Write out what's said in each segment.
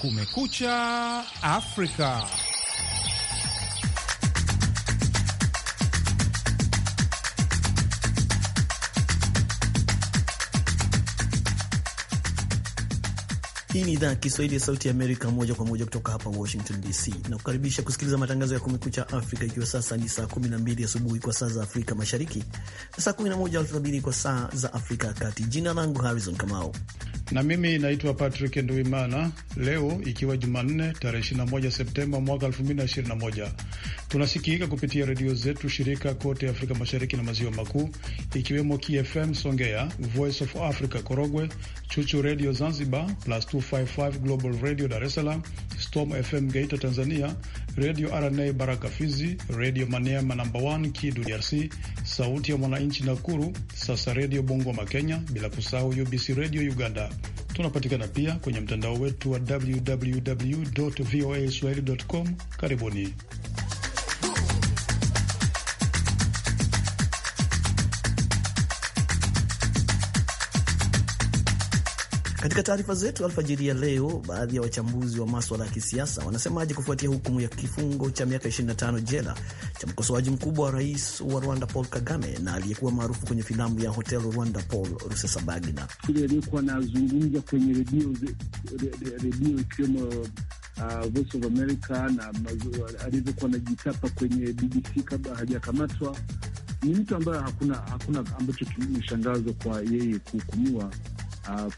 Kumekucha Afrika. Hii ni idhaa ya Kiswahili ya Sauti ya Amerika, moja kwa moja kutoka hapa Washington DC. na kukaribisha kusikiliza matangazo ya Kumekucha Afrika, ikiwa sasa ni saa 12 asubuhi kwa saa za Afrika Mashariki na saa 11 alfajiri kwa saa za Afrika ya Kati. Jina langu Harrison Kamau na mimi naitwa Patrick Nduimana. Leo ikiwa Jumanne tarehe 21 Septemba mwaka 2021, tunasikika kupitia redio zetu shirika kote Afrika Mashariki na Maziwa Makuu, ikiwemo KFM Songea, Voice of Africa Korogwe, Chuchu Redio Zanzibar, Plus 255 Global Radio Dar es Salaam, Storm FM Geita Tanzania, Radio RNA Baraka Fizi, Radio Maniema namba 1 Kidu DRC, Sauti ya Mwananchi Nakuru, Sasa Radio Bungoma Kenya, bila kusahau UBC Radio Uganda. Tunapatikana pia kwenye mtandao wetu wa www voa swahili com. Karibuni. Katika taarifa zetu alfajiri ya leo, baadhi ya wachambuzi wa maswala ya kisiasa wanasemaje kufuatia hukumu ya kifungo cha miaka 25 jela cha mkosoaji mkubwa wa rais wa Rwanda Paul Kagame na aliyekuwa maarufu kwenye filamu ya Hotel Rwanda Paul Rusesabagina, yule aliyekuwa anazungumza kwenye redio ikiwemo Uh, Voice of America na alivyokuwa anajitapa kwenye BBC kabla hajakamatwa. Ni mtu ambaye hakuna hakuna ambacho kimeshangazwa kwa yeye kuhukumiwa Uh,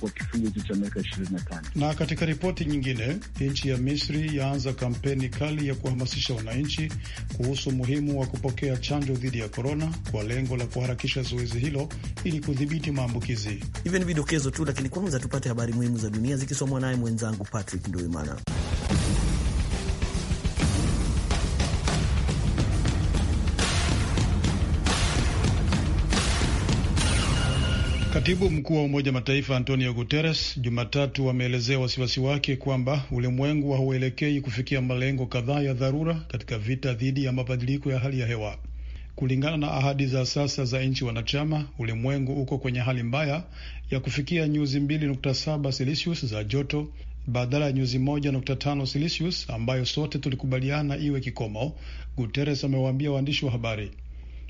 kwa kifungo cha miaka 25. Na katika ripoti nyingine, nchi ya Misri yaanza kampeni kali ya kuhamasisha wananchi kuhusu umuhimu wa kupokea chanjo dhidi ya korona kwa lengo la kuharakisha zoezi hilo ili kudhibiti maambukizi. Hivyo ni vidokezo tu, lakini kwanza tupate habari muhimu za dunia zikisomwa naye mwenzangu Patrick Nduimana. Katibu mkuu wa Umoja Mataifa Antonio Guterres Jumatatu ameelezea wasiwasi wake kwamba ulimwengu hauelekei kufikia malengo kadhaa ya dharura katika vita dhidi ya mabadiliko ya hali ya hewa. Kulingana na ahadi za sasa za nchi wanachama, ulimwengu uko kwenye hali mbaya ya kufikia nyuzi 2.7 Celsius za joto badala ya nyuzi 1.5 Celsius ambayo sote tulikubaliana iwe kikomo, Guterres amewaambia waandishi wa habari.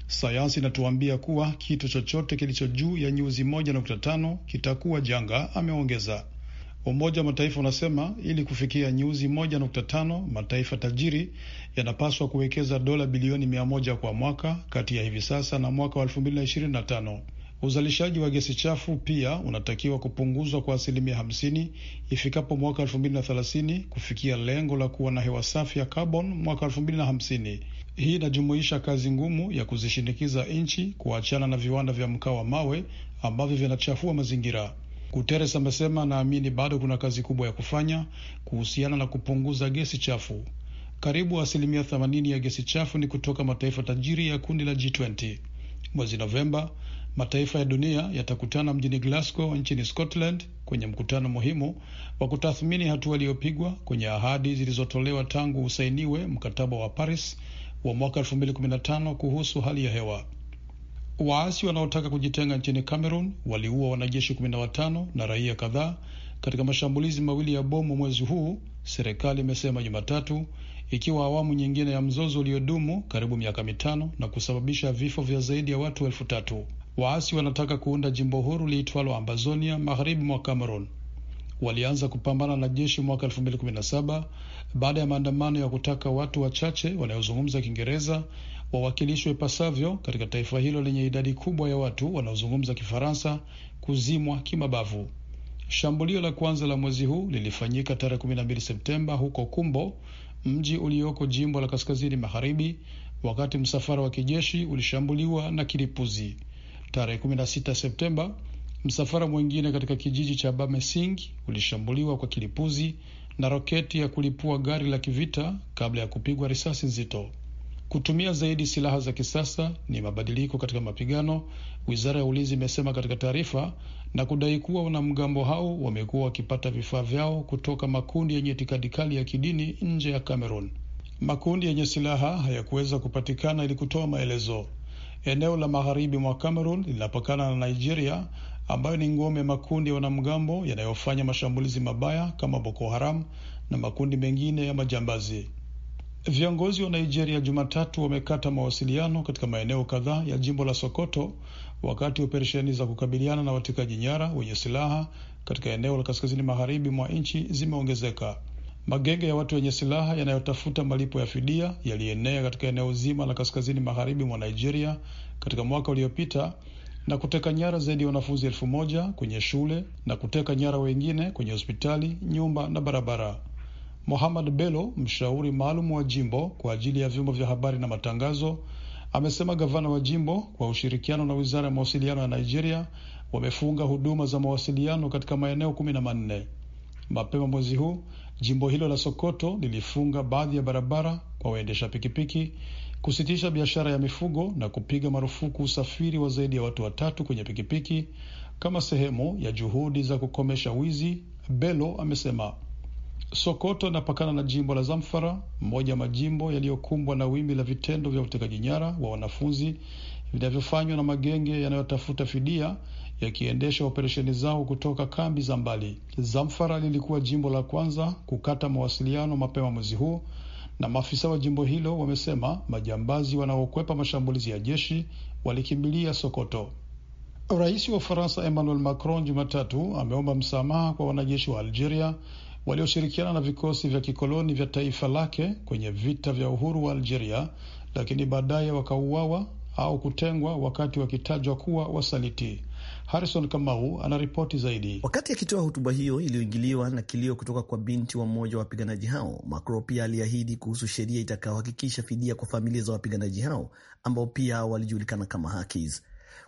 Sayansi inatuambia kuwa kitu chochote kilicho juu ya nyuzi 1.5 kitakuwa janga, ameongeza. Umoja wa Mataifa unasema ili kufikia nyuzi tano mataifa tajiri yanapaswa kuwekeza dola bilioni moja kwa mwaka kati ya hivi sasa na mwaka wa tano. Uzalishaji wa gesi chafu pia unatakiwa kupunguzwa kwa asilimia hamsini ifikapo mwaka elfu mbili na thelathini kufikia lengo la kuwa na hewa safi ya carbon mwaka elfu mbili na hamsini. Hii inajumuisha kazi ngumu ya kuzishinikiza nchi kuachana na viwanda vya mkaa wa mawe ambavyo vinachafua mazingira. Guterres amesema, naamini bado kuna kazi kubwa ya kufanya kuhusiana na kupunguza gesi chafu. Karibu asilimia 80 ya gesi chafu ni kutoka mataifa tajiri ya kundi la G20. Mwezi Novemba mataifa ya dunia yatakutana mjini Glasgow nchini Scotland kwenye mkutano muhimu wa kutathmini hatua iliyopigwa kwenye ahadi zilizotolewa tangu usainiwe mkataba wa Paris wa mwaka 2015 kuhusu hali ya hewa. Waasi wanaotaka kujitenga nchini Cameroon waliua wanajeshi 15 na raia kadhaa katika mashambulizi mawili ya bomu mwezi huu, serikali imesema Jumatatu, ikiwa awamu nyingine ya mzozo uliodumu karibu miaka mitano na kusababisha vifo vya zaidi ya watu elfu tatu. Waasi wanataka kuunda jimbo huru liitwalo Ambazonia magharibi mwa Cameroon walianza kupambana na jeshi mwaka 2017 baada ya maandamano ya kutaka watu wachache wanaozungumza Kiingereza wawakilishwe ipasavyo katika taifa hilo lenye idadi kubwa ya watu wanaozungumza Kifaransa kuzimwa kimabavu. Shambulio la kwanza la mwezi huu lilifanyika tarehe 12 Septemba huko Kumbo, mji ulioko jimbo la kaskazini magharibi, wakati msafara wa kijeshi ulishambuliwa na kilipuzi. Tarehe 16 Septemba Msafara mwingine katika kijiji cha Bamesing ulishambuliwa kwa kilipuzi na roketi ya kulipua gari la kivita kabla ya kupigwa risasi nzito. Kutumia zaidi silaha za kisasa ni mabadiliko katika mapigano, wizara ya ulinzi imesema katika taarifa, na kudai kuwa wanamgambo hao wamekuwa wakipata vifaa vyao kutoka makundi yenye itikadi kali ya kidini nje ya Cameroon. Makundi yenye silaha hayakuweza kupatikana ili kutoa maelezo. Eneo la magharibi mwa Cameroon linapakana na Nigeria ambayo ni ngome makundi ya wanamgambo yanayofanya mashambulizi mabaya kama Boko Haram na makundi mengine ya majambazi. Viongozi wa Nigeria Jumatatu wamekata mawasiliano katika maeneo kadhaa ya jimbo la Sokoto wakati operesheni za kukabiliana na watekaji nyara wenye silaha katika eneo la kaskazini magharibi mwa nchi zimeongezeka. Magenge ya watu wenye silaha yanayotafuta malipo ya fidia yalienea katika eneo zima la kaskazini magharibi mwa Nigeria katika mwaka uliopita na kuteka nyara zaidi ya wanafunzi elfu moja kwenye shule na kuteka nyara wengine kwenye hospitali, nyumba na barabara. mohamad Bello, mshauri maalum wa jimbo kwa ajili ya vyombo vya habari na matangazo, amesema gavana wa jimbo kwa ushirikiano na wizara ya mawasiliano ya Nigeria wamefunga huduma za mawasiliano katika maeneo kumi na manne. Mapema mwezi huu jimbo hilo la Sokoto lilifunga baadhi ya barabara kwa waendesha pikipiki kusitisha biashara ya mifugo na kupiga marufuku usafiri wa zaidi ya watu watatu kwenye pikipiki kama sehemu ya juhudi za kukomesha wizi, belo amesema. Sokoto inapakana na jimbo la Zamfara, mmoja ya majimbo yaliyokumbwa na wimbi la vitendo vya utekaji nyara wa wanafunzi vinavyofanywa na magenge yanayotafuta fidia yakiendesha operesheni zao kutoka kambi za mbali. Zamfara lilikuwa jimbo la kwanza kukata mawasiliano mapema mwezi huu na maafisa wa jimbo hilo wamesema majambazi wanaokwepa mashambulizi ya jeshi walikimbilia Sokoto. Rais wa Ufaransa Emmanuel Macron Jumatatu ameomba msamaha kwa wanajeshi wa Algeria walioshirikiana na vikosi vya kikoloni vya taifa lake kwenye vita vya uhuru wa Algeria, lakini baadaye wakauawa au kutengwa wakati wakitajwa kuwa wasaliti. Harrison Kamau anaripoti zaidi. Wakati akitoa hotuba hiyo iliyoingiliwa na kilio kutoka kwa binti wa mmoja wa wapiganaji hao, Macron pia aliahidi kuhusu sheria itakayohakikisha fidia kwa familia za wapiganaji hao ambao pia walijulikana kama Hakis.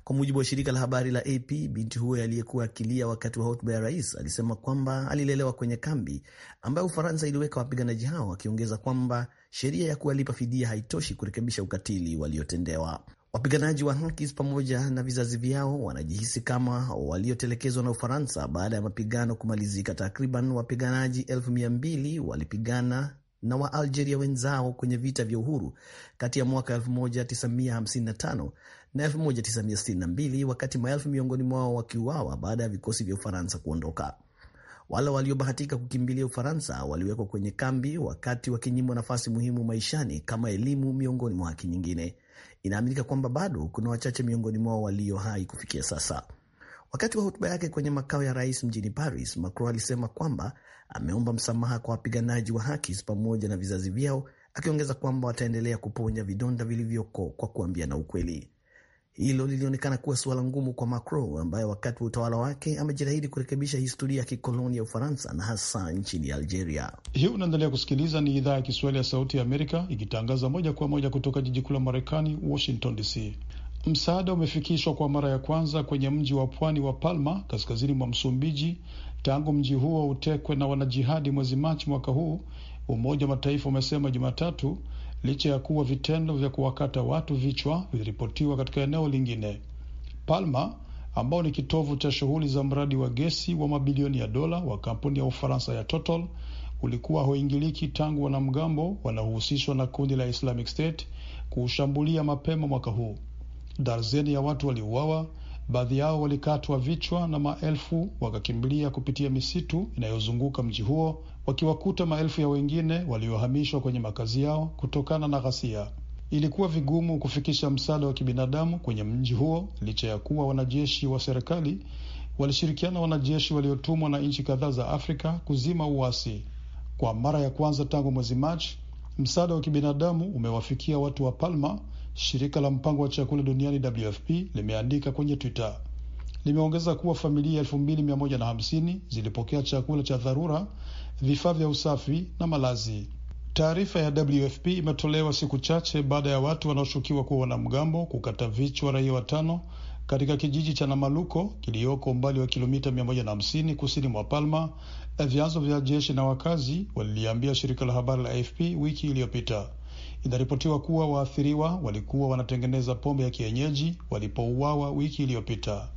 Kwa mujibu wa shirika la habari la AP, binti huyo aliyekuwa akilia wakati wa hotuba ya rais alisema kwamba alilelewa kwenye kambi ambayo Ufaransa iliweka wapiganaji hao, akiongeza kwamba sheria ya kuwalipa fidia haitoshi kurekebisha ukatili waliotendewa. Wapiganaji wa Houthis pamoja na vizazi vyao wanajihisi kama waliotelekezwa na Ufaransa baada ya mapigano kumalizika. Takriban wapiganaji elfu mia mbili walipigana na Waalgeria wenzao kwenye vita vya uhuru kati ya mwaka 1955 na 1962, wakati maelfu miongoni mwao wakiuawa baada ya vikosi vya Ufaransa kuondoka. Wale waliobahatika kukimbilia Ufaransa waliwekwa kwenye kambi, wakati wakinyimwa nafasi muhimu maishani kama elimu, miongoni mwa haki nyingine. Inaaminika kwamba bado kuna wachache miongoni mwao walio hai kufikia sasa. Wakati wa hotuba yake kwenye makao ya rais mjini Paris, Macron alisema kwamba ameomba msamaha kwa wapiganaji wa haki pamoja na vizazi vyao, akiongeza kwamba wataendelea kuponya vidonda vilivyoko kwa kuambia na ukweli. Hilo lilionekana kuwa suala ngumu kwa Macron ambaye wakati wa utawala wake amejitahidi kurekebisha historia ya kikoloni ya Ufaransa na hasa nchini Algeria. Hii unaendelea kusikiliza, ni idhaa ya Kiswahili ya Sauti ya Amerika ikitangaza moja kwa moja kutoka jiji kuu la Marekani, Washington DC. Msaada umefikishwa kwa mara ya kwanza kwenye mji wa pwani wa Palma kaskazini mwa Msumbiji tangu mji huo utekwe na wanajihadi mwezi Machi mwaka huu, Umoja wa Mataifa umesema Jumatatu, licha ya kuwa vitendo vya kuwakata watu vichwa viliripotiwa katika eneo lingine. Palma, ambao ni kitovu cha shughuli za mradi wa gesi wa mabilioni ya dola wa kampuni ya Ufaransa ya Total, ulikuwa hauingiliki tangu wanamgambo wanaohusishwa na kundi la Islamic State kuushambulia mapema mwaka huu. Darzeni ya watu waliuawa, baadhi yao walikatwa vichwa na maelfu wakakimbilia kupitia misitu inayozunguka mji huo wakiwakuta maelfu ya wengine waliohamishwa kwenye makazi yao kutokana na ghasia. Ilikuwa vigumu kufikisha msaada wa kibinadamu kwenye mji huo licha ya kuwa wanajeshi wa serikali walishirikiana na wanajeshi waliotumwa na nchi kadhaa za Afrika kuzima uasi. Kwa mara ya kwanza tangu mwezi Machi, msaada wa kibinadamu umewafikia watu wa Palma. Shirika la mpango wa chakula duniani WFP limeandika kwenye Twitter, limeongeza kuwa familia 2150 zilipokea chakula cha dharura vifaa vya usafi na malazi. Taarifa ya WFP imetolewa siku chache baada ya watu wanaoshukiwa kuwa wanamgambo kukata vichwa raia watano katika kijiji cha Namaluko kiliyoko umbali wa kilomita 150 kusini mwa Palma. Vyanzo vya jeshi na wakazi waliliambia shirika la habari la AFP wiki iliyopita. Inaripotiwa kuwa waathiriwa walikuwa wanatengeneza pombe ya kienyeji walipouawa wiki iliyopita.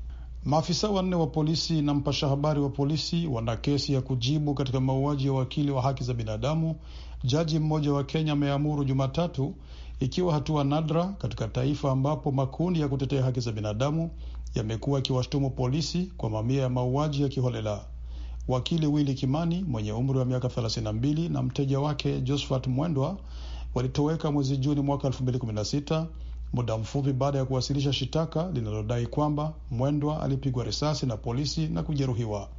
Maafisa wanne wa polisi na mpasha habari wa polisi wana kesi ya kujibu katika mauaji ya wakili wa haki za binadamu. Jaji mmoja wa Kenya ameamuru Jumatatu, ikiwa hatua nadra katika taifa ambapo makundi ya kutetea haki za binadamu yamekuwa yakiwashtumu polisi kwa mamia ya mauaji ya kiholela. Wakili Willy Kimani mwenye umri wa miaka 32 na mteja wake Josphat Mwendwa walitoweka mwezi Juni mwaka muda mfupi baada ya kuwasilisha shitaka linalodai kwamba Mwendwa alipigwa risasi na polisi na kujeruhiwa.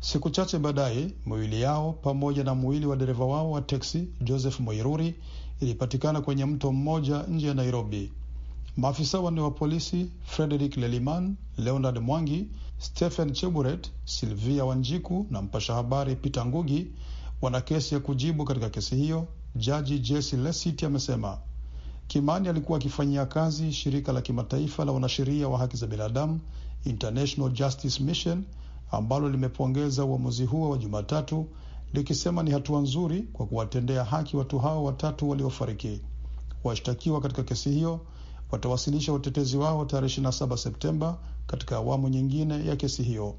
Siku chache baadaye, mwili yao pamoja na mwili wa dereva wao wa teksi Joseph Moiruri ilipatikana kwenye mto mmoja nje ya Nairobi. Maafisa wanne wa polisi Frederick Leliman, Leonard Mwangi, Stephen Cheburet, Silvia Wanjiku na mpasha habari Peter Ngugi wana kesi ya kujibu katika kesi hiyo, jaji Jesi Lesiti amesema. Kimani alikuwa akifanyia kazi shirika la kimataifa la wanasheria wa haki za binadamu International Justice Mission ambalo limepongeza uamuzi huo wa Jumatatu likisema ni hatua nzuri kwa kuwatendea haki watu hao watatu waliofariki. Washtakiwa katika kesi hiyo watawasilisha utetezi wao tarehe 27 Septemba katika awamu nyingine ya kesi hiyo.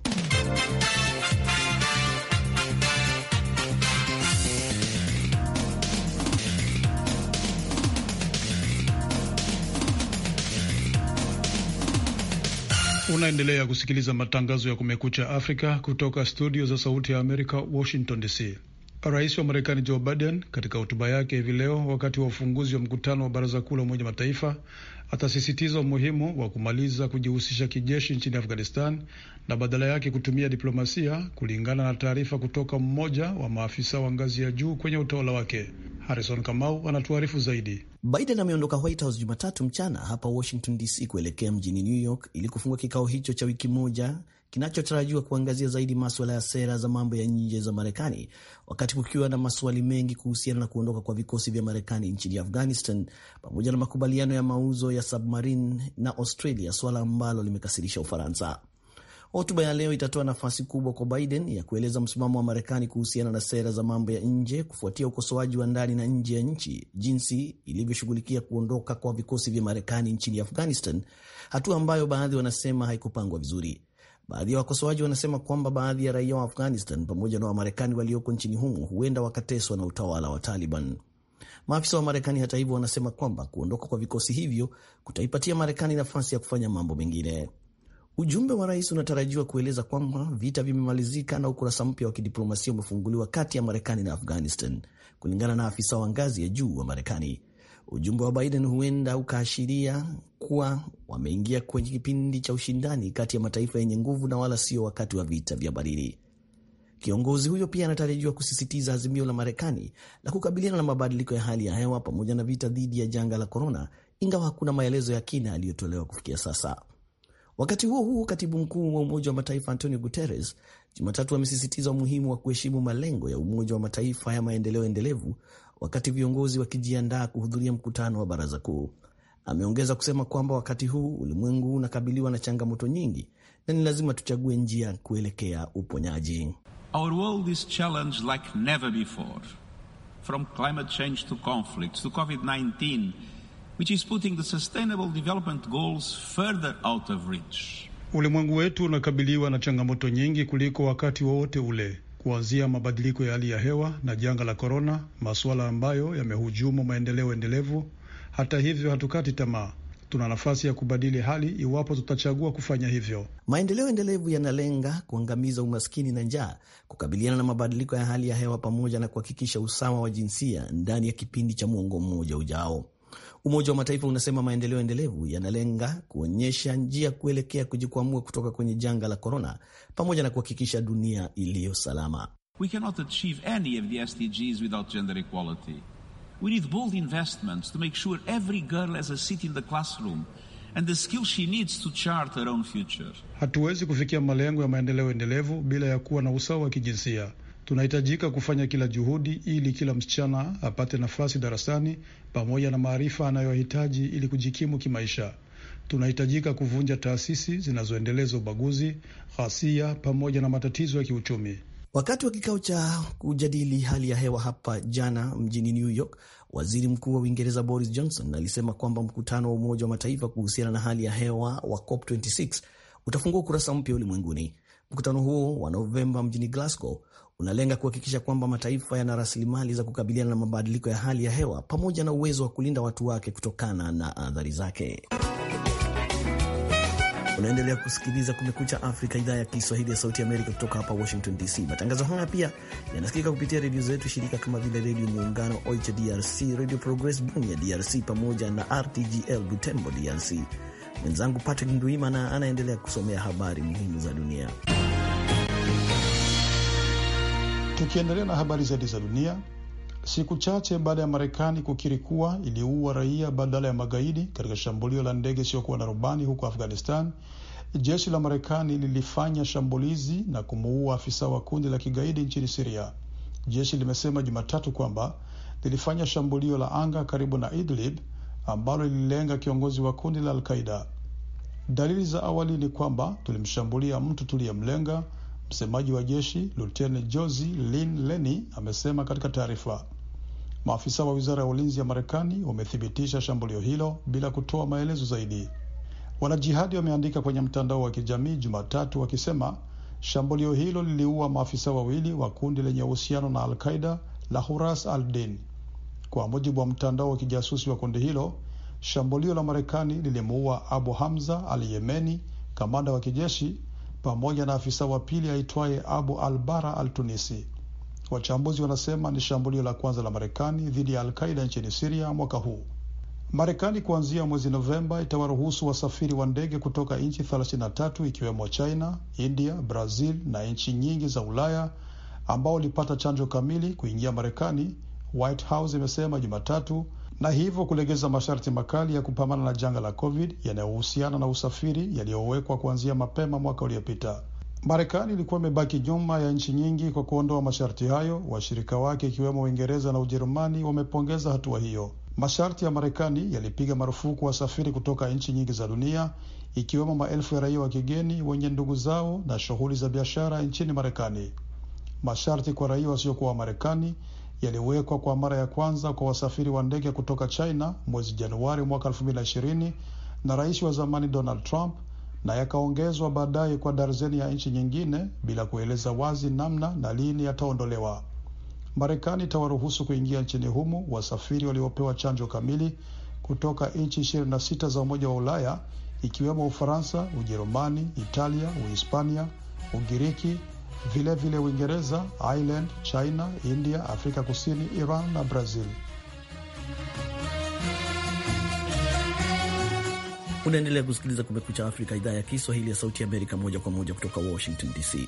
Unaendelea kusikiliza matangazo ya Kumekucha Afrika kutoka studio za Sauti ya Amerika, Washington DC. Rais wa Marekani Joe Biden katika hotuba yake hivi leo wakati wa ufunguzi wa mkutano wa Baraza Kuu la Umoja Mataifa atasisitiza umuhimu wa kumaliza kujihusisha kijeshi nchini Afghanistan na badala yake kutumia diplomasia, kulingana na taarifa kutoka mmoja wa maafisa wa ngazi ya juu kwenye utawala wake. Harrison Kamau anatuarifu zaidi. Biden ameondoka White House Jumatatu mchana hapa Washington DC kuelekea mjini New York ili kufungua kikao hicho cha wiki moja kinachotarajiwa kuangazia zaidi maswala ya sera za mambo ya nje za Marekani, wakati kukiwa na maswali mengi kuhusiana na kuondoka kwa vikosi vya Marekani nchini Afghanistan pamoja na makubaliano ya mauzo ya submarine na Australia, swala ambalo limekasirisha Ufaransa. Hotuba ya leo itatoa nafasi kubwa kwa Biden ya kueleza msimamo wa Marekani kuhusiana na sera za mambo ya nje kufuatia ukosoaji wa ndani na nje ya nchi jinsi ilivyoshughulikia kuondoka kwa vikosi vya Marekani nchini Afghanistan, hatua ambayo baadhi wanasema haikupangwa vizuri. Baadhi ya wakosoaji wanasema kwamba baadhi ya raia wa Afghanistan pamoja na Wamarekani walioko nchini humo huenda wakateswa na utawala wa Taliban. Maafisa wa Marekani hata hivyo, wanasema kwamba kuondoka kwa vikosi hivyo kutaipatia Marekani nafasi ya kufanya mambo mengine. Ujumbe wa rais unatarajiwa kueleza kwamba vita vimemalizika na ukurasa mpya wa kidiplomasia umefunguliwa kati ya Marekani na Afghanistan, kulingana na afisa wa ngazi ya juu wa Marekani. Ujumbe wa Biden huenda ukaashiria kuwa wameingia kwenye kipindi cha ushindani kati ya mataifa yenye nguvu na wala sio wakati wa vita vya baridi. Kiongozi huyo pia anatarajiwa kusisitiza azimio la Marekani la kukabiliana na mabadiliko ya hali ya hewa pamoja na vita dhidi ya janga la korona, ingawa hakuna maelezo ya kina yaliyotolewa kufikia sasa. Wakati huo huo, katibu mkuu wa Umoja wa Mataifa Antonio Guterres Jumatatu amesisitiza umuhimu wa kuheshimu malengo ya Umoja wa Mataifa ya maendeleo endelevu wakati viongozi wakijiandaa kuhudhuria mkutano wa baraza kuu. Ameongeza kusema kwamba wakati huu ulimwengu unakabiliwa na changamoto nyingi na ni lazima tuchague njia kuelekea uponyaji. Our world is challenged like never before from climate change to conflicts to COVID-19 which is putting the sustainable development goals further out of reach. Ulimwengu wetu unakabiliwa na changamoto nyingi kuliko wakati wowote ule kuanzia mabadiliko ya hali ya hewa na janga la korona, masuala ambayo yamehujumu maendeleo endelevu. Hata hivyo, hatukati tamaa. Tuna nafasi ya kubadili hali iwapo tutachagua kufanya hivyo. Maendeleo endelevu yanalenga kuangamiza umaskini na njaa, kukabiliana na mabadiliko ya hali ya hewa, pamoja na kuhakikisha usawa wa jinsia ndani ya kipindi cha mwongo mmoja ujao. Umoja wa Mataifa unasema maendeleo endelevu yanalenga kuonyesha njia kuelekea kujikwamua kutoka kwenye janga la korona pamoja na kuhakikisha dunia iliyo salama. We cannot achieve any of the SDGs without gender equality. We need bold investments to make sure every girl has a seat in the classroom and the skills she needs to chart her own future. Hatuwezi kufikia malengo ya maendeleo endelevu bila ya kuwa na usawa wa kijinsia. Tunahitajika kufanya kila juhudi ili kila msichana apate nafasi darasani pamoja na maarifa anayohitaji ili kujikimu kimaisha. Tunahitajika kuvunja taasisi zinazoendeleza ubaguzi, ghasia pamoja na matatizo ya kiuchumi. Wakati wa kikao cha kujadili hali ya hewa hapa jana mjini New York, waziri mkuu wa Uingereza Boris Johnson alisema kwamba mkutano wa Umoja wa Mataifa kuhusiana na hali ya hewa wa COP26 utafungua ukurasa mpya ulimwenguni. Mkutano huo wa Novemba mjini Glasgow unalenga kuhakikisha kwamba mataifa yana rasilimali za kukabiliana na mabadiliko ya hali ya hewa pamoja na uwezo wa kulinda watu wake kutokana na athari zake. Unaendelea kusikiliza Kumekucha Afrika, idhaa ya Kiswahili ya Sauti Amerika kutoka hapa Washington DC. Matangazo haya pia yanasikika kupitia redio zetu shirika kama vile Redio Muungano Oicha DRC, Redio Progress Bunia DRC, pamoja na RTGL Butembo DRC. Mwenzangu Patrick Ndwimana anaendelea kusomea habari muhimu za dunia. Tukiendelea na habari zaidi za dunia, siku chache baada ya Marekani kukiri kuwa iliua raia badala ya magaidi katika shambulio la ndege isiyokuwa na rubani huko Afghanistan, jeshi la Marekani lilifanya shambulizi na kumuua afisa wa kundi la kigaidi nchini Siria. Jeshi limesema Jumatatu kwamba lilifanya shambulio la anga karibu na Idlib ambalo lililenga kiongozi wa kundi la Alqaida. Dalili za awali ni kwamba tulimshambulia mtu tuliyemlenga, Msemaji wa jeshi Luteni Jozi Lin Leni amesema katika taarifa. Maafisa wa wizara ya ulinzi ya Marekani wamethibitisha shambulio hilo bila kutoa maelezo zaidi. Wanajihadi wameandika kwenye mtandao wa kijamii Jumatatu wakisema shambulio hilo liliua maafisa wawili wa kundi lenye uhusiano na Alqaida la Huras al-Din. Kwa mujibu wa mtandao wa kijasusi wa kundi hilo, shambulio la Marekani lilimuua Abu Hamza al-Yemeni, kamanda wa kijeshi pamoja na afisa wa pili aitwaye Abu albara al-Tunisi. Wachambuzi wanasema ni shambulio la kwanza la Marekani dhidi ya alqaida nchini Siria mwaka huu. Marekani kuanzia mwezi Novemba itawaruhusu wasafiri wa ndege kutoka nchi 33 ikiwemo China, India, Brazil na nchi nyingi za Ulaya ambao walipata chanjo kamili kuingia Marekani, White House imesema Jumatatu, na hivyo kulegeza masharti makali ya kupambana na janga la COVID yanayohusiana na usafiri yaliyowekwa kuanzia mapema mwaka uliopita. Marekani ilikuwa imebaki nyuma ya nchi nyingi kwa kuondoa masharti hayo. Washirika wake ikiwemo Uingereza na Ujerumani wamepongeza hatua hiyo. Masharti ya Marekani yalipiga marufuku wasafiri kutoka nchi nyingi za dunia, ikiwemo maelfu ya raia wa kigeni wenye ndugu zao na shughuli za biashara nchini Marekani. Masharti kwa raia wasiokuwa wa Marekani yaliwekwa kwa mara ya kwanza kwa wasafiri wa ndege kutoka China mwezi Januari mwaka 2020 na rais wa zamani Donald Trump na yakaongezwa baadaye kwa darzeni ya nchi nyingine bila kueleza wazi namna na lini yataondolewa. Marekani itawaruhusu kuingia nchini humo wasafiri waliopewa chanjo kamili kutoka nchi 26 za Umoja wa Ulaya ikiwemo Ufaransa, Ujerumani, Italia, Uhispania, Ugiriki, vilevile Uingereza, Ireland, China, India, Afrika Kusini, Iran na Brazil. Unaendelea kusikiliza Kumekucha Afrika, idhaa ya Kiswahili ya Sauti ya Amerika, moja kwa moja kutoka Washington DC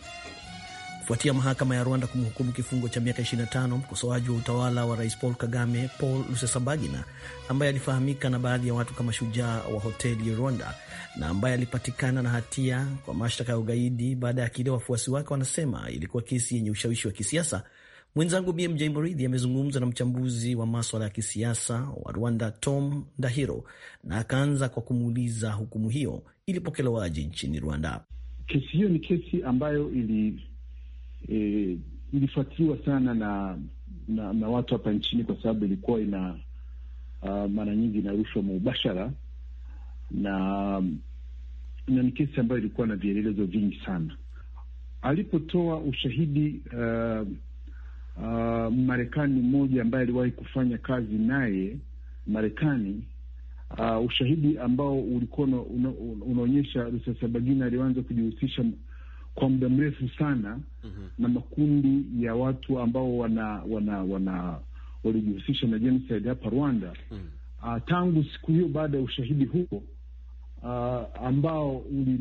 kufuatia mahakama ya Rwanda kumhukumu kifungo cha miaka 25 mkosoaji wa utawala wa Rais Paul Kagame, Paul Rusesabagina, ambaye alifahamika na baadhi ya watu kama shujaa wa hoteli Rwanda na ambaye alipatikana na hatia kwa mashtaka ya ugaidi baada ya kile wafuasi wake wanasema ilikuwa kesi yenye ushawishi wa kisiasa. Mwenzangu BMJ Muridhi amezungumza na mchambuzi wa maswala ya kisiasa wa Rwanda Tom Ndahiro, na akaanza kwa kumuuliza hukumu hiyo ilipokelewaje nchini Rwanda. Kesi hiyo ni kesi ambayo ili eh, ilifuatiliwa sana na, na na watu hapa nchini kwa sababu ilikuwa ina uh, mara nyingi inarushwa mubashara na na ni kesi ambayo ilikuwa na vielelezo vingi sana. Alipotoa ushahidi uh, uh, Marekani mmoja ambaye aliwahi kufanya kazi naye Marekani, uh, ushahidi ambao ulikuwa unaonyesha Rusesabagina alianza kujihusisha kwa muda mrefu sana mm -hmm. na makundi ya watu ambao wana wana wana walijihusisha na genocide hapa Rwanda mm -hmm. uh, tangu siku hiyo baada ya ushahidi huo uh, ambao uli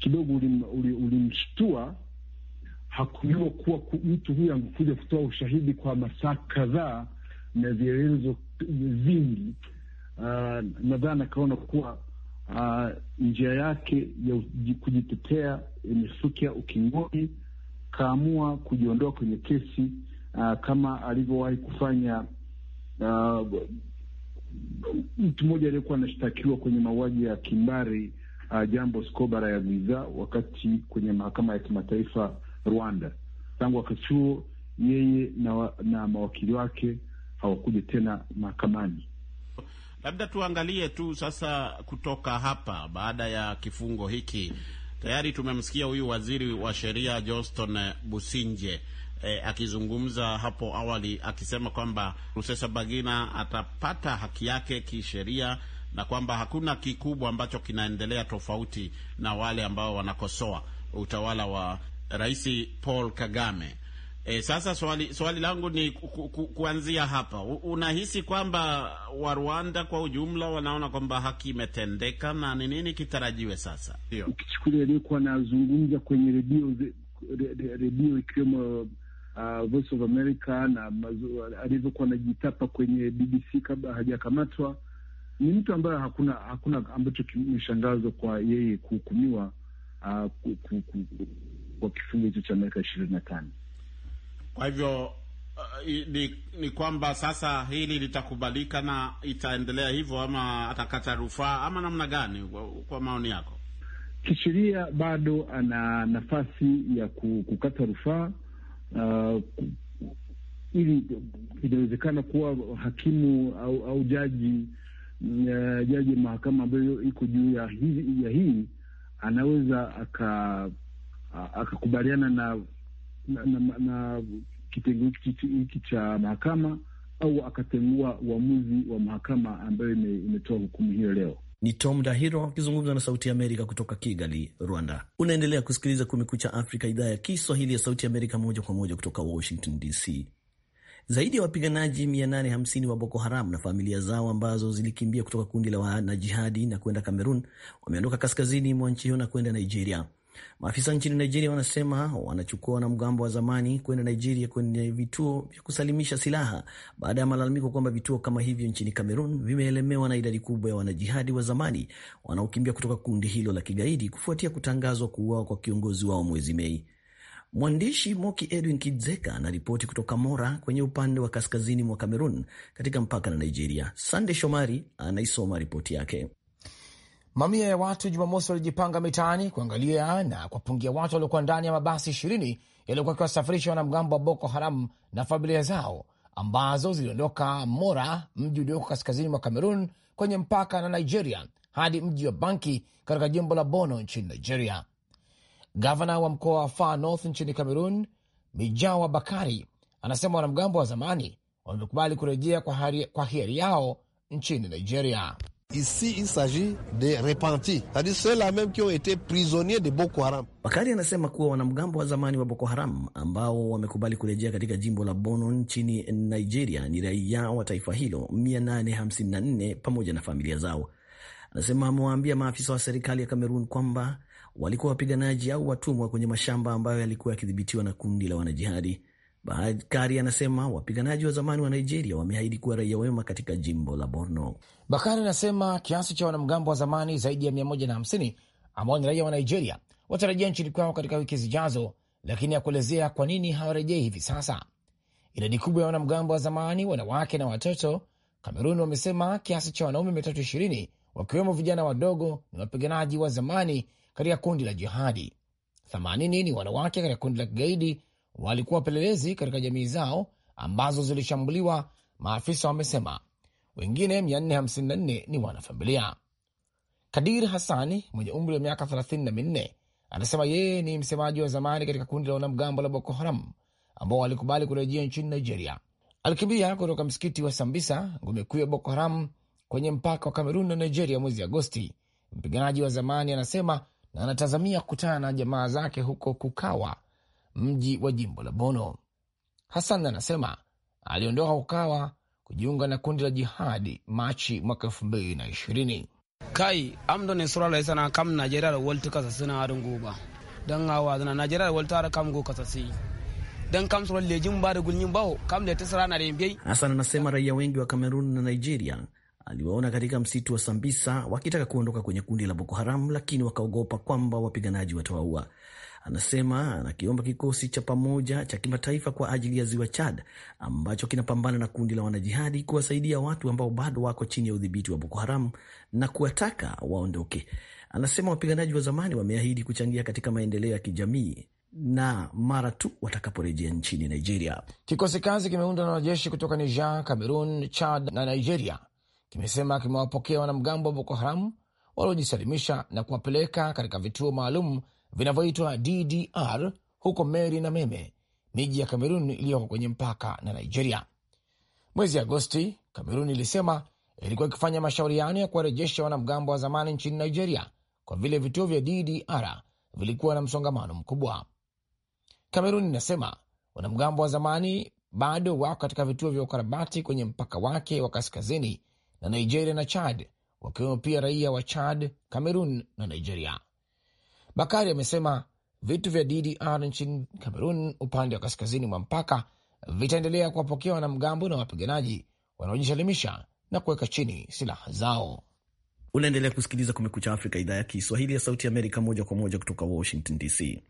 kidogo ulimshtua uli hakujua kuwa ku, mtu huyu angekuja kutoa ushahidi kwa masaa kadhaa na vielezo vingi uh, nadhani akaona kuwa uh, njia yake ya kujitetea eh, imefikia ukingoni, kaamua kujiondoa kwenye kesi uh, kama alivyowahi kufanya uh, mtu mmoja aliyekuwa anashtakiwa kwenye mauaji ya kimbari uh, Jambo Scobara ya Gwiza wakati kwenye mahakama ya kimataifa Rwanda. Tangu wakati huo yeye na, na mawakili wake hawakuja tena mahakamani. Labda tuangalie tu sasa kutoka hapa, baada ya kifungo hiki tayari tumemsikia huyu waziri wa sheria Johnston Businje eh, akizungumza hapo awali akisema kwamba Rusesabagina atapata haki yake kisheria na kwamba hakuna kikubwa ambacho kinaendelea tofauti na wale ambao wanakosoa utawala wa Rais Paul Kagame. E, sasa swali, swali langu ni ku, ku, kuanzia hapa, unahisi kwamba Warwanda kwa ujumla wanaona kwamba haki imetendeka na ni nini kitarajiwe sasa? Ndio ukichukulia yaliyokuwa anazungumza kwenye redio redio ikiwemo uh, Voice of America na alivyokuwa anajitapa kwenye BBC kabla hajakamatwa, ni mtu ambaye hakuna hakuna ambacho kimeshangazwa kwa yeye kuhukumiwa uh, kwa kifungo hicho cha miaka ishirini na tano. Kwa hivyo uh, ni, ni kwamba sasa hili litakubalika na itaendelea hivyo, ama atakata rufaa ama namna gani? Kwa, kwa maoni yako, kisheria bado ana nafasi ya kukata rufaa uh, ili inawezekana kuwa hakimu au, au jaji uh, jaji mahakama ambayo iko juu ya hii, ya hii anaweza akakubaliana aka na na, na, na, na kitengo hiki cha mahakama au akatengua uamuzi wa mahakama ambayo imetoa hukumu hiyo leo. Ni Tom Dahiro akizungumza na Sauti ya Amerika kutoka Kigali, Rwanda. Unaendelea kusikiliza Kumekucha Afrika, idhaa ya Kiswahili ya Sauti ya Amerika, moja kwa moja kutoka Washington DC. Zaidi ya wapiganaji 850 wa Boko Haram na familia zao ambazo zilikimbia kutoka kundi la wanajihadi na kwenda Cameroon wameondoka kaskazini mwa nchi hiyo na kwenda Nigeria. Maafisa nchini Nigeria wanasema wanachukua wanamgambo wa zamani kwenda Nigeria kwenye vituo vya kusalimisha silaha baada ya malalamiko kwamba vituo kama hivyo nchini Cameroon vimeelemewa na idadi kubwa ya wanajihadi wa zamani wanaokimbia kutoka kundi hilo la kigaidi kufuatia kutangazwa kuuawa kwa kiongozi wao mwezi Mei. Mwandishi Moki Edwin Kidzeka anaripoti kutoka Mora kwenye upande wa kaskazini mwa Cameroon katika mpaka na Nigeria. Sande Shomari anaisoma ripoti yake. Mamia ya watu Jumamosi walijipanga mitaani kuangalia na kuwapungia watu waliokuwa ndani ya mabasi ishirini yaliyokuwa akiwasafirisha wanamgambo wa Boko Haram na familia zao ambazo ziliondoka Mora, mji ulioko kaskazini mwa Kamerun kwenye mpaka na Nigeria, hadi mji wa Banki katika jimbo la Bono nchini Nigeria. Gavana wa mkoa wa Far North nchini Kamerun, Mijawa Bakari, anasema wanamgambo wa zamani wamekubali kurejea kwa hiari yao nchini Nigeria. Ici, il s'agit de repentis, c'est-à-dire ceux-là même qui ont été prisonniers de Boko Haram. Bakari anasema kuwa wanamgambo wa zamani wa Boko Haram ambao wamekubali kurejea katika jimbo la Bono nchini Nigeria ni raia wa taifa hilo 854 pamoja na familia zao. Anasema amewaambia maafisa wa serikali ya Kamerun kwamba walikuwa wapiganaji au watumwa kwenye mashamba ambayo yalikuwa yakidhibitiwa na kundi la wanajihadi. Bakari anasema wapiganaji wa zamani wa Nigeria wameahidi kuwa raia wema katika jimbo la Borno. Bakari anasema kiasi cha wanamgambo wa zamani zaidi ya 150 ambao ni raia wa Nigeria watarejea nchini kwao katika wiki zijazo, lakini akuelezea kwa nini hawarejei hivi sasa. Idadi kubwa ya wanamgambo wa zamani, wanawake na watoto, Kamerun wamesema kiasi cha wanaume 320 wakiwemo vijana wadogo ni wapiganaji wa zamani katika kundi la jihadi, 80 ni wanawake katika kundi la kigaidi walikuwa wapelelezi katika jamii zao ambazo zilishambuliwa, maafisa wamesema. Wengine 454 ni wanafamilia. Kadir Hasani mwenye umri wa miaka 34 anasema yeye ni msemaji wa zamani katika kundi la wanamgambo la Boko Haram ambao walikubali kurejea nchini Nigeria. Alikimbia kutoka msikiti wa Sambisa, ngome kuu ya Boko Haram kwenye mpaka wa Kamerun na Nigeria mwezi Agosti. Mpiganaji wa zamani anasema, na anatazamia kukutana na jamaa zake huko Kukawa mji wa jimbo la Bono. Hassan anasema aliondoka Ukawa kujiunga na kundi la jihadi Machi mwaka elfu mbili na ishirini. kai amdo ne sura lai sana kam Nigeria la wolti kasa suna harin goba don hawa zana la wolti ara kam go kasa si don kam sura lejin ba da gulnyin kam da tisra na rembe Hassan anasema raia wengi wa Kamerun na Nigeria aliwaona katika msitu wa Sambisa wakitaka kuondoka kwenye kundi la Boko Haram, lakini wakaogopa kwamba wapiganaji watawaua. Anasema anakiomba kikosi cha pamoja cha kimataifa kwa ajili ya ziwa Chad ambacho kinapambana na kundi la wanajihadi kuwasaidia watu ambao bado wako chini ya udhibiti wa Boko Haram na kuwataka waondoke. Anasema wapiganaji wa zamani wameahidi kuchangia katika maendeleo ya kijamii na mara tu watakaporejea nchini Nigeria. Kikosi kazi kimeundwa na wanajeshi kutoka Niger, Cameroon, Chad na Nigeria kimesema kimewapokea wanamgambo wa Boko Haram waliojisalimisha na kuwapeleka katika vituo maalum vinavyoitwa DDR huko Meri na Meme, miji ya Kamerun iliyoko kwenye mpaka na Nigeria. Mwezi Agosti, Kamerun ilisema ilikuwa ikifanya mashauriano ya kuwarejesha wanamgambo wa zamani nchini Nigeria kwa vile vituo vya DDR vilikuwa na msongamano mkubwa. Kamerun inasema wanamgambo wa zamani bado wako katika vituo vya ukarabati kwenye mpaka wake wa kaskazini na Nigeria na Chad, wakiwemo pia raia wa Chad, Kamerun na Nigeria. Bakari amesema vitu vya DDR nchini cameroon upande wa kaskazini mwa mpaka, vitaendelea kuwapokea wanamgambo na wapiganaji wanaojisalimisha na kuweka chini silaha zao. Unaendelea kusikiliza Kumekucha Afrika, idhaa ya Kiswahili ya Sauti ya Amerika, moja kwa moja kutoka Washington DC.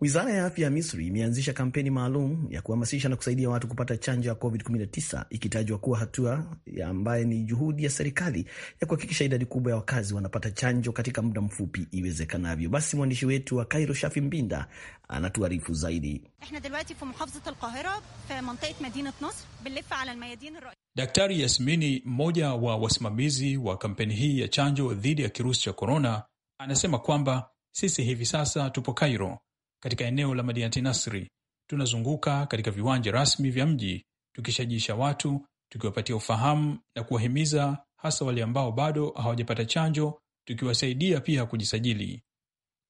Wizara ya afya ya Misri imeanzisha kampeni maalum ya kuhamasisha na kusaidia watu kupata chanjo ya COVID-19 ikitajwa kuwa hatua ambaye ni juhudi ya serikali ya kuhakikisha idadi kubwa ya wakazi wanapata chanjo katika muda mfupi iwezekanavyo. Basi mwandishi wetu wa Kairo, Shafi Mbinda, anatuarifu zaidi. Daktari Yasmini, mmoja wa wasimamizi wa kampeni hii ya chanjo dhidi ya kirusi cha korona, anasema kwamba sisi hivi sasa tupo Kairo katika eneo la Madiati Nasri. Tunazunguka katika viwanja rasmi vya mji tukishajisha watu, tukiwapatia ufahamu na kuwahimiza, hasa wale ambao bado hawajapata chanjo, tukiwasaidia pia kujisajili.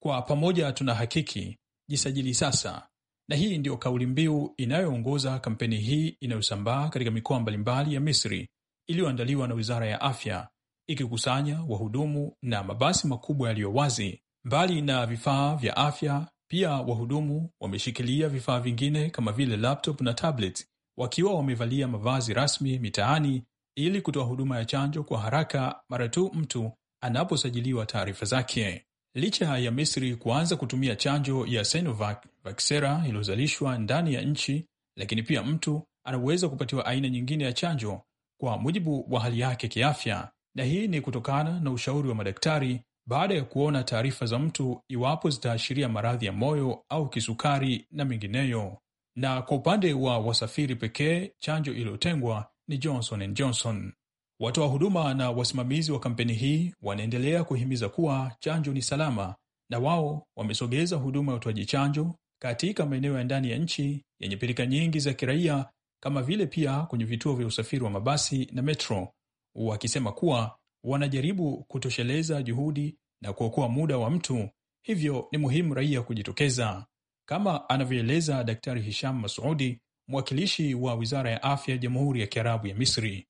Kwa pamoja tuna hakiki jisajili sasa, na hii ndiyo kauli mbiu inayoongoza kampeni hii inayosambaa katika mikoa mbalimbali ya Misri iliyoandaliwa na Wizara ya Afya ikikusanya wahudumu na mabasi makubwa yaliyo wazi, mbali na vifaa vya afya pia wahudumu wameshikilia vifaa vingine kama vile laptop na tablet, wakiwa wamevalia mavazi rasmi mitaani ili kutoa huduma ya chanjo kwa haraka mara tu mtu anaposajiliwa taarifa zake. Licha ya Misri kuanza kutumia chanjo ya Sinovac Vaxera iliyozalishwa ndani ya nchi, lakini pia mtu anaweza kupatiwa aina nyingine ya chanjo kwa mujibu wa hali yake kiafya, na hii ni kutokana na ushauri wa madaktari baada ya kuona taarifa za mtu iwapo zitaashiria maradhi ya moyo au kisukari na mengineyo. Na kwa upande wa wasafiri pekee, chanjo iliyotengwa ni Johnson and Johnson. Watoa huduma na wasimamizi wa kampeni hii wanaendelea kuhimiza kuwa chanjo ni salama, na wao wamesogeza huduma ya utoaji chanjo katika maeneo ya ndani ya nchi yenye pilika nyingi za kiraia, kama vile pia kwenye vituo vya usafiri wa mabasi na metro, wakisema kuwa wanajaribu kutosheleza juhudi na kuokoa muda wa mtu, hivyo ni muhimu raia kujitokeza, kama anavyoeleza Daktari Hisham Masudi, mwakilishi wa wizara ya afya ya Jamhuri ya Kiarabu ya Misri.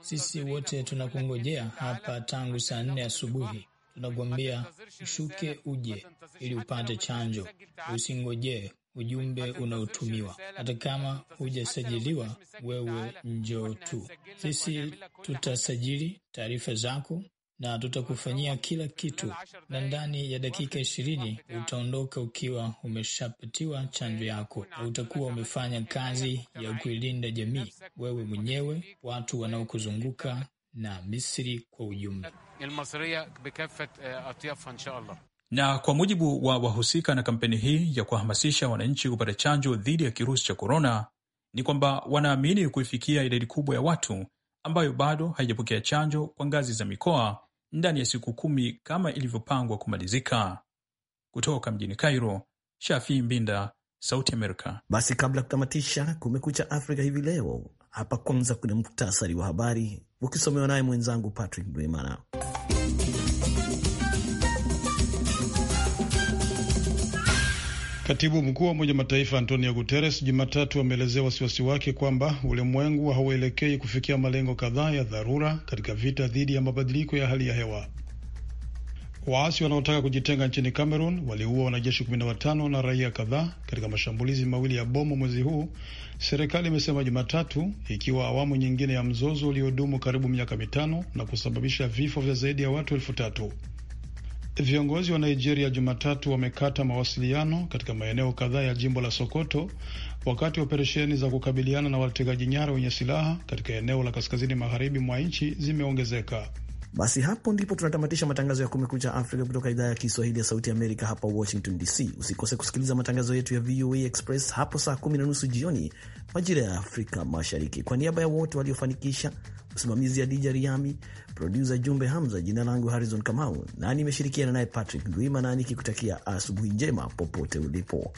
Sisi wote tunakungojea hapa tangu saa nne asubuhi, tunakuambia ushuke uje ili upate chanjo, usingojee ujumbe unaotumiwa. Hata kama hujasajiliwa, wewe njoo tu, sisi tutasajili taarifa zako na tutakufanyia kila kitu, na ndani ya dakika ishirini utaondoka ukiwa umeshapatiwa chanjo yako, na utakuwa umefanya kazi ya kuilinda jamii, wewe mwenyewe, watu wanaokuzunguka na Misri kwa ujumla. Na kwa mujibu wa wahusika na kampeni hii ya kuwahamasisha wananchi kupata chanjo dhidi ya kirusi cha korona, ni kwamba wanaamini kuifikia idadi kubwa ya watu ambayo bado haijapokea chanjo kwa ngazi za mikoa ndani ya siku kumi kama ilivyopangwa kumalizika. Kutoka mjini Cairo, Shafii Mbinda, Sauti Amerika. Basi kabla ya kutamatisha Kumekucha Afrika hivi leo, hapa kwanza kuna muktasari wa habari ukisomewa naye mwenzangu Patrick Ndwimana. Katibu mkuu wa Umoja Mataifa Antonio Guterres Jumatatu ameelezea wasiwasi wake kwamba ulimwengu hauelekei kufikia malengo kadhaa ya dharura katika vita dhidi ya mabadiliko ya hali ya hewa. Waasi wanaotaka kujitenga nchini Cameroon waliua wanajeshi 15 na raia kadhaa katika mashambulizi mawili ya bomu mwezi huu, serikali imesema Jumatatu, ikiwa awamu nyingine ya mzozo uliodumu karibu miaka mitano na kusababisha vifo vya zaidi ya watu elfu tatu. Viongozi wa Nigeria Jumatatu wamekata mawasiliano katika maeneo kadhaa ya jimbo la Sokoto wakati operesheni za kukabiliana na watekaji nyara wenye silaha katika eneo la kaskazini magharibi mwa nchi zimeongezeka. Basi hapo ndipo tunatamatisha matangazo ya Kumekucha Afrika kutoka idhaa ya Kiswahili ya Sauti Amerika hapa Washington DC. Usikose kusikiliza matangazo yetu ya VOA Express hapo saa kumi na nusu jioni majira ya Afrika Mashariki. Kwa niaba ya wote waliofanikisha, msimamizi Adija Riami, produsa Jumbe Hamza. Jina langu Harrison Kamau na nimeshirikiana naye Patrick Ndwima na nikikutakia asubuhi njema popote ulipo.